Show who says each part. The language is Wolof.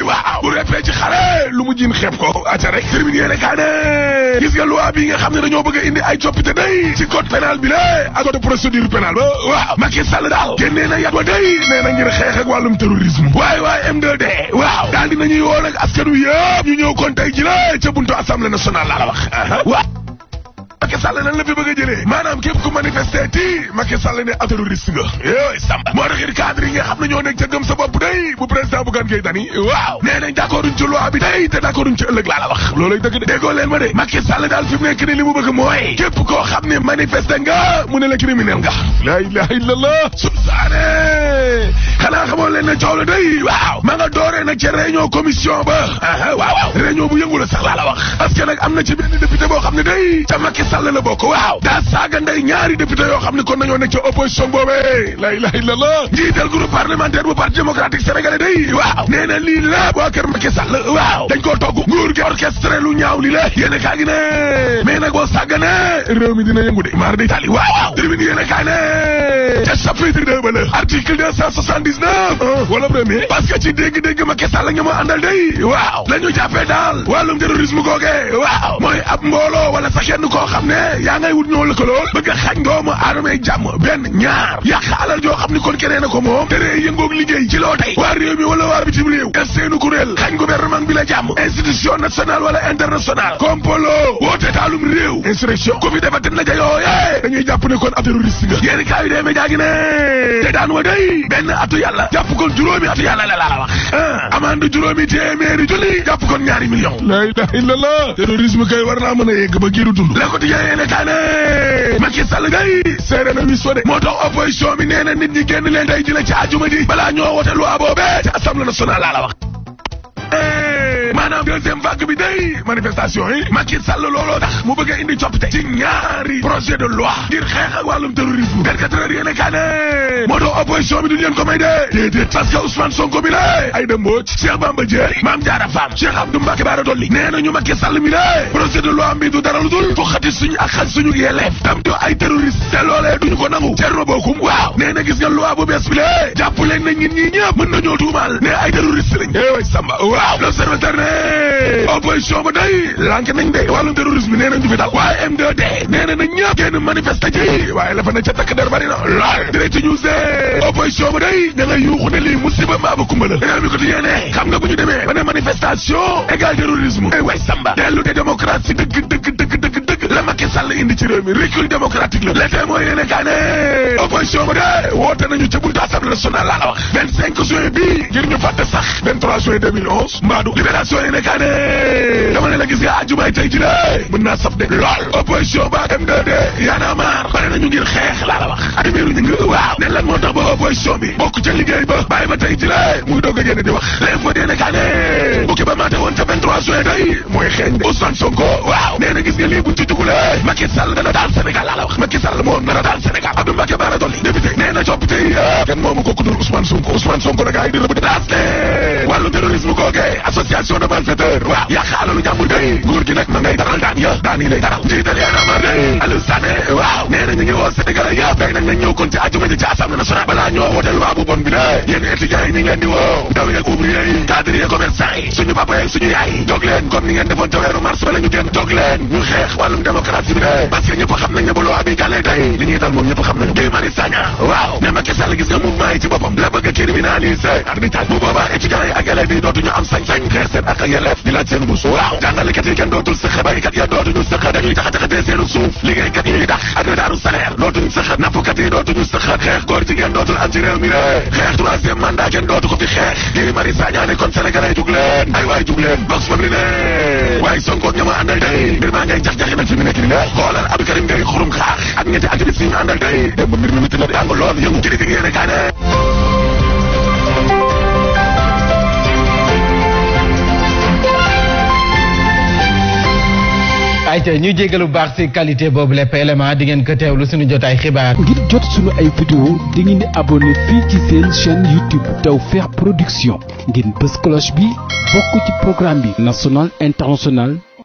Speaker 1: waaw bu reppee ci xare eh, lu mu jiin xeeb ko aca rek tribune yéene kaa ne gis nga loi xam ne dañoo bëgg indi ay coppite day ci code pénal bi la ak code procédure pénale ba waaw Macky Sall daal génnee na yat wa day nee na xeex ak wàllum terrorisme waaye waaye M2D waaw daal dinañuy woo nag a wi yëpp ñu ñëw kon tey ji la ca buntu assemblée nationale laa wax waaw Macky Sall lan la fi bëgg a jëlee maanaam képp ku manifesté ti Macky Sall ne ab terroriste nga yooy samba moo taxit cadre yi xam ne ñoo nekk ca gëm sa bopp day bu président Bougane Gueye Dany waaw nee nañ d'accorduñ ci loi bi day te d'accorduñ ci ëllëg la wax loolay dëgg de déggoo leen ma de Macky Sall daal fi mu nekk ni li mu bëgg mooy képp koo xam ne manifesté nga mu ne la criminel nga la ilaha illallah subsaane xanaa xamoo leen ne coow day waaw ma na ci boo xam ne day ca Sall la bokk waaw daa saaga ndey ñaari député yoo xam ne kon nañoo nekk ci opposition boobee la ilaha illallah njiital groupe parlementaire bu parti démocratique sénégalais day waaw nee na lii la waa kër Macky Sall waaw dañ koo togg nguur gi orchestré lu ñaaw li la yéen a kaa gi ne mais nag boo mi dina yëngu de maar day tali waaw tribune yéen a kaa ne ca chapitre deux ba la article deux cent soixante dix neuf wala premier parce que ci dégg-dégg Macky Sall xam ne yaa ngay wut ñoo lëkkaloo bëgg a xañ doomu aadama jàmm benn ñaar yàq alal joo xam ni kon keneen a ko moom tere yëngoog liggéey ci loo tey waa réew mi wala waa bitim réew def seenu kuréel xañ gouvernement bi la jàmm institution nationale wala internationale kompolo woote taalum réew insurrection ku fi defatin ja yooye dañuy jàpp kon ab terroriste nga yéeni dee média gi ne te daan wa day benn atu yàlla jàpp kon juróomi atu yàlla la la wax ah amande juróomi téeméeri junni jàpp kon ñaari million la ilaha illallah terrorisme kay war naa mën a yegg ba giiru dund la ko di yéene kaa ne Macky seere na wis fa de moo tax opposition bi nee nit ñi génn leen tey ji la ci àjuma ji balaa ñoo wote loi boobee ci assemblée nationale la la wax eh, maanaam deuxième vague bi day manifestation yi Macky Sall looloo tax mu bëgg a indi coppite ci ñaari projet de loi ngir xeex ak wàllum terrorisme vingt-quatre heures yéene kaa ne moo tax opposition bi duñu leen ko may dee déedéet parce que Ousmane Sonko bi la ay dëmbooj Cheikh Bamba Dièye Mame Diarra mi la projet de loi bi dara lu dul fu xati ak xaj suñu yelleef tam do ay terroriste te loolee duñu ko nangu Thierno Bocoum waaw nee gis nga loi bu bees bi la jàpp leen na ñit ñëpp mën nañoo tuumaal ne ay terroriste lañ éeway eh Samba waaw l'observateur ne opposition ba day lank nañ de wàllum terrorisme nee nañ waaye M2D nee na na ñëpp kenn manifesté waaye la fa ca takk der bari na direct news de opposition ba day da yuuxu ne lii musiba maa ba kumba la réew mi ko di yéene xam nga bu ñu demee ba ne manifestation égal terrorisme eh ay way samba dellu de démocratie dëgg Sall indi ci réew mi recul démocratique la le tey mooy yéene kaa ne opposition ba de woote nañu ci buntu assemblée nationale laa la wax vingt cinq juin bii ngir ñu fàtte sax vingt trois juin deux mille onze mbaadu libération yéene kaa dama ne la gis nga àjjumaay tey ji la mën naa saf de lool ba M2D Y'en a nañu ngir xeex laa la wax adimiru ñu ngi waaw ne lan moo tax ba opposition bi bokk ca liggéey ba bàyyi ba tey ji la muy doog a génn di wax woote woon ca 23 juin day mooy xeeñ de Ousmane Sonko waaw nee na gis nga lii buñ ci dugalee Macky Sall dana daal Sénégal laa la wax Macky Sall moom dana daal Sénégal Abdou Mbacké Bara Dolly député nee na coppite yi ah, kenn moomu ko ku Sonko Ousmane Sonko nag ay di rëbb laas wàllu terrorisme googee association de malfaiteurs waaw yàq alalu jàmbur day nguur gi nag ma ngay daral yë daan nañu lay daral jiital yéen a mar waaw nee na ñu ngi woo Sénégalais yëpp tey nag balaa ñoo wooteel waa bu bon bi la yéen étudiants papa yeeg suñu yaay yi jóg leen comme ni ngeen defoon ca weeru mars xeex wàllum démocratie bi la parce que ñëpp xam nañ ne abi jàllee tey li ñuy dal moom ñëpp xam nañ Guy Marius Sagna waaw ne Macky Sall gis nga mouvement ci boppam la bëgg a criminaliser dootuñu sëq dañuy taxa-taxatee seenu suuf liggéeykat yi ñuy dax ak retaaru salaire dootuñu sëq nappkat yi dootuñu sëq xeex góor jigéen dootul am ci réew mi rek xeex troisième mandat kenn dootu ko fi xeex Guy Marius Sagna kon Sénégal ay ay waay jug box fab li ne waaye Sonko ak ñama maa ngay jax-jaxi nag fi mu nekk ni ne Karim Gueye xurum xaax ak ñetti activiste yi ñu àndal day démb mi métti na di ànga lool ayca ñu jégalu baax si qualité boobu lépp élément di ngeen ko teewlu suñu ay xibaar. ngir jot suñu ay vidéo di ngeen di abonné fii ci seen chaîne YouTube Tawfekh Production ngeen bës cloche bi bokk ci programme bi national international.